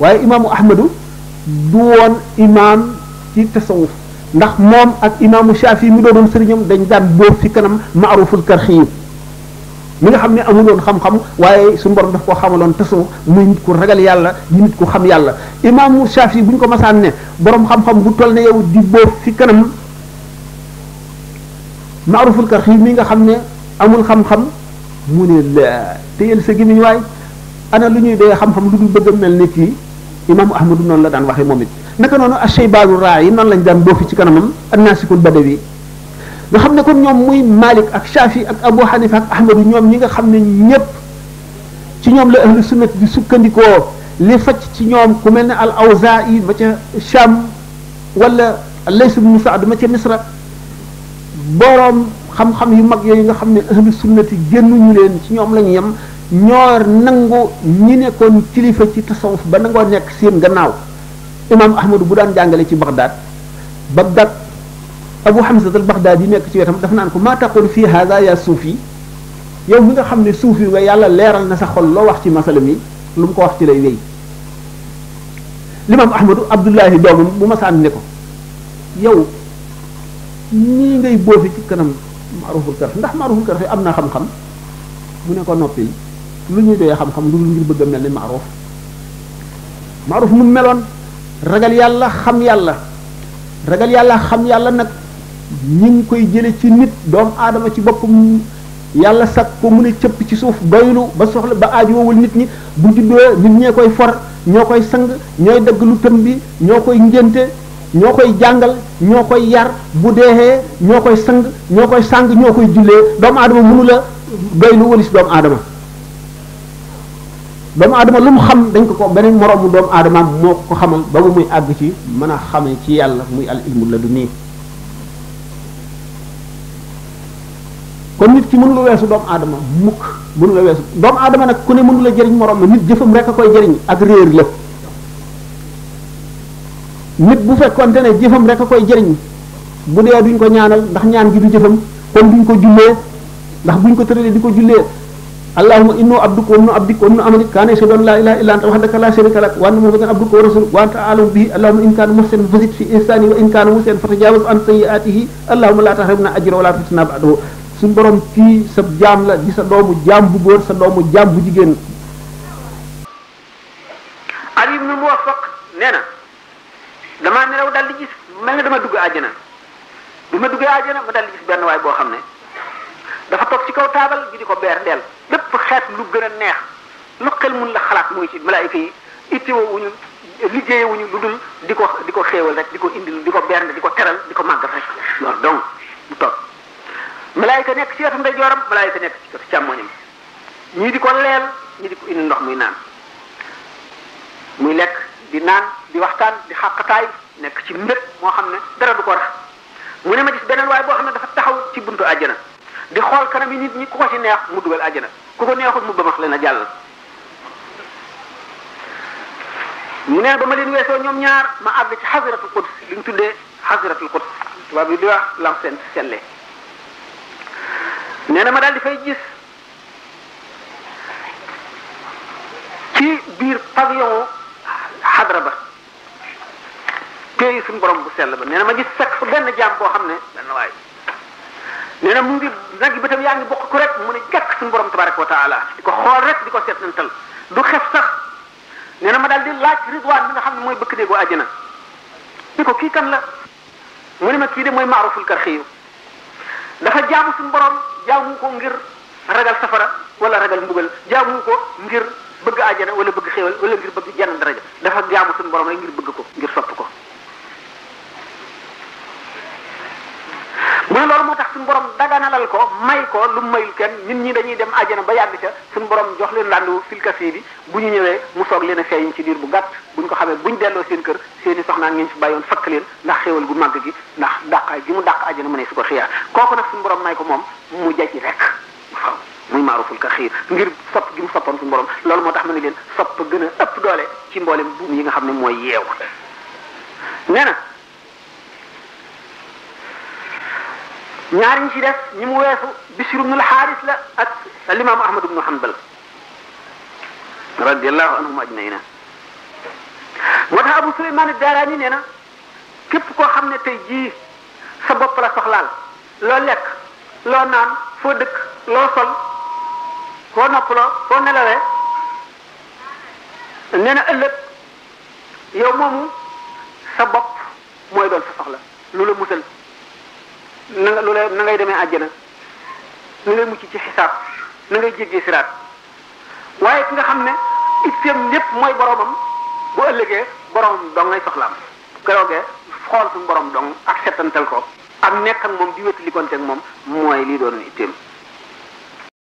waaye imaamu ahmadu du woon imaam ci tasawuf ndax moom ak imaamu shaafi doon doonoon sëriñam dañ daan boof ci kanam maaruful karxiyu mi nga xam ne amuloon xam-xam waaye suñu borom daf ko xamaloon tasawuf muy nit ragal yàlla di nit xam yàlla imaamu shaafi bu ñu ko masaan ne borom xam bu toll ne yow di boof kanam maaruful karxiyu mi nga xam ne amul xam-xam mu ne laa téyel sa gémmiñ waay ana lu ñuy dee xam-xam lu dul bëgg mel ne kii imaamu ahmadu noonu la daan waxee moom it naka noonu ashaybaanu raa yi noonu lañ daan boofi ci kanamam annaasikul badawi nga xam ne kon ñoom muy malik ak shafi ak abu hanifa ak ahmadu ñoom ñi nga xam ne ñépp ci ñoom la ahlu sunnat di sukkandikoo li faj ci ñoom ku mel ni al awzaa yi ma ca sham wala lays ibnu saad ma ca misra boroom xam-xam yu mag yooyu nga xam ne ahlu sunnati génnuñu leen ci ñoom la ñu yem ñoo nangu ñu nekkoon kilifa ci tasawuf ba nangoo nekk seen gannaaw imam ahmadu bu daan jàngale ci Bagdad Bagdad abu hamza al Bagdad yi nekk ci wetam dafa naan ko maa taqul fii haada ya suufi yow mu nga xam ne suufi nga yàlla leeral na sa xol loo wax ci masala mi lu mu ko wax ci lay wéy limam ahmadu abdullahi doomam bu masaan ne ko yow ñii ngay boofi ci kanam maaruuful kër ndax maaruuful kër am na xam-xam mu ne ko noppil lu ñuy doyee xam-xam lu ngir bëgg a mel ni maaruf maaruf nu meloon ragal yàlla xam yàlla ragal yàlla xam yàlla nag ñi ngi koy jële ci nit doomu aadama ci boppam yàlla sag ko mu ne cëpp ci suuf doylu ba soxla ba aajuwowul nit ñi bu juddoo nit ñee koy for ñoo koy sang ñooy dagg lu tëm bi ñoo koy ngénte ñoo koy jàngal ñoo koy yar bu deexee ñoo koy sang ñoo koy sang ñoo koy jullee doomu aadama mënu la doylu walis doomu aadama doomu aadama lu mu xam dañ ko ko beneen moroomu doomu aadama moo ko xamal ba mu muy àgg ci mën a xam ci yàlla muy al ilmu la du nii kon nit ki mënula weesu doomu aadama mukk mënu la weesu doomu aadama nag ku ne mënula la jëriñ moroom ma nit jëfam rek a koy jëriñ ak réer la nit bu fekkonte ne jëfam rek a koy jëriñ bu dee duñ ko ñaanal ndax ñaan gi du jëfam kon duñ ko jullee ndax buñ ko tëralee di ko jullee allahumma innu abduka wa ibnu abdika wa ibnu amatika kaana yashhadu an laa ilaaha illa anta wahdaka laa sharika lak wa anna muhammadan abduka wa rasuluka wa anta a'lamu bihi allahumma in kaana muhsinan fazid fi ihsanihi wa in kaana musii'an fatajaawaz an sayyi'aatihi allahumma laa tahrimna laa tuftina ba'dahu suñu borom kii sa jaam la di sa doomu jaam bu góor sa doomu jaam bu jigéen Ali ibnu Muwaffaq nee na damaa nelaw daal di gis mel ne dama dugg àjjana bi ma duggee àjjana ma daal di gis benn waay boo xam ne dafa toog ci kaw taabal gi ko beer lépp xeet lu gën a neex lu xel mun la xalaat mooy ci malaayika yi ittiwoo wuñu liggéeye wuñu lu dul di ko di ko xéewal rek di ko indil di ko bernd di ko teral di ko màggal rek loolu donc mu toog malaayika nekk ci wetu ndeyjooram malaayika nekk ci wetu càmmoñam ñii di ko leel ñii di ko indil ndox muy naan muy lekk di naan di waxtaan di xàqataay nekk ci mbir moo xam ne dara du ko rax mu ne ma gis beneen waaye boo xam ne dafa taxaw ci buntu àjjana di xool kanam yi nit ñi ku ko ci neex mu dugal àjjana ku ko neexul mu bamax leen a jàll. mu ne ba ma weesoo ñoom ñaar ma àgg ci xasiratul quds li ñu tuddee xasiratul quds tubaab bi di wax lam seen selle nee na ma daal di fay gis ci biir pavillon xadra ba téye suñu borom bu sell ba nee ma gis fekk fa benn jaam boo xam ne benn nee na mu ngi nag bëtam yaa ngi bokk ko rek mu ne jàkk suñu borom tabaraka wa taala ko xool rek di ko seetantal du xef sax nee na ma daal di laaj ridwaan bi nga xam ne mooy bëkk déggoo àjjana ni ko kii kan la mu ne ma kii de mooy maaruful karxiyu dafa jaamu suñu borom jaamu ko ngir ragal safara wala ragal mbugal jaamu ko ngir bëgg àjjana wala bëgg xéewal wala ngir bëgg jenn daraja dafa jaamu suñu borom rek ngir bëgg ko ngir sopp suñu borom daganalal ko may ko lu mayul kenn ñun ñi dañuy dem àjjana ba yàgg ca suñu borom jox leen landu fil kasi bi bu ñu ñëwee mu soog leen a feeñ ci diir bu gàtt buñ ko xamee buñ delloo seen kër seeni soxnaan ngeen fi bàyyoon fakk leen ndax xéewal gu màgg gi ndax dàqaay gi mu dàq àjjana mu ne su ko xiyaar kooku nag suñu borom may ko moom mu jaj rek waaw muy maaruful ka xiir ngir sopp gi mu soppoon suñu borom loolu moo tax ma ne leen sopp gën a ëpp doole ci mboolem buum yi nga xam ne mooy yeew ñaar ñi ci def ñi mu weesu bisir ibn al-haris la ak al-imam ahmad ibn hanbal radiyallahu anhum ajmaina wa ta abu sulaiman ad-darani neena kep ko xamne tay ji sa bop la soxlaal lo lek lo naan fo dëkk lo sol ko noppaloo foo nelawee nee na ëllëg yow momu sa bop moy doon sa soxla lu la musal na lu lay na ngay demee àjjana na ngay mucc ci xisaab na ngay jéggee siraat waaye ki nga xam ne item lépp mooy boromam bu ëllëgee boromam dong ngay soxlaam keroogee xool suñu borom dong ak settantal ko ak nekk ak moom di wétali konteeg moom mooy lii doon itteem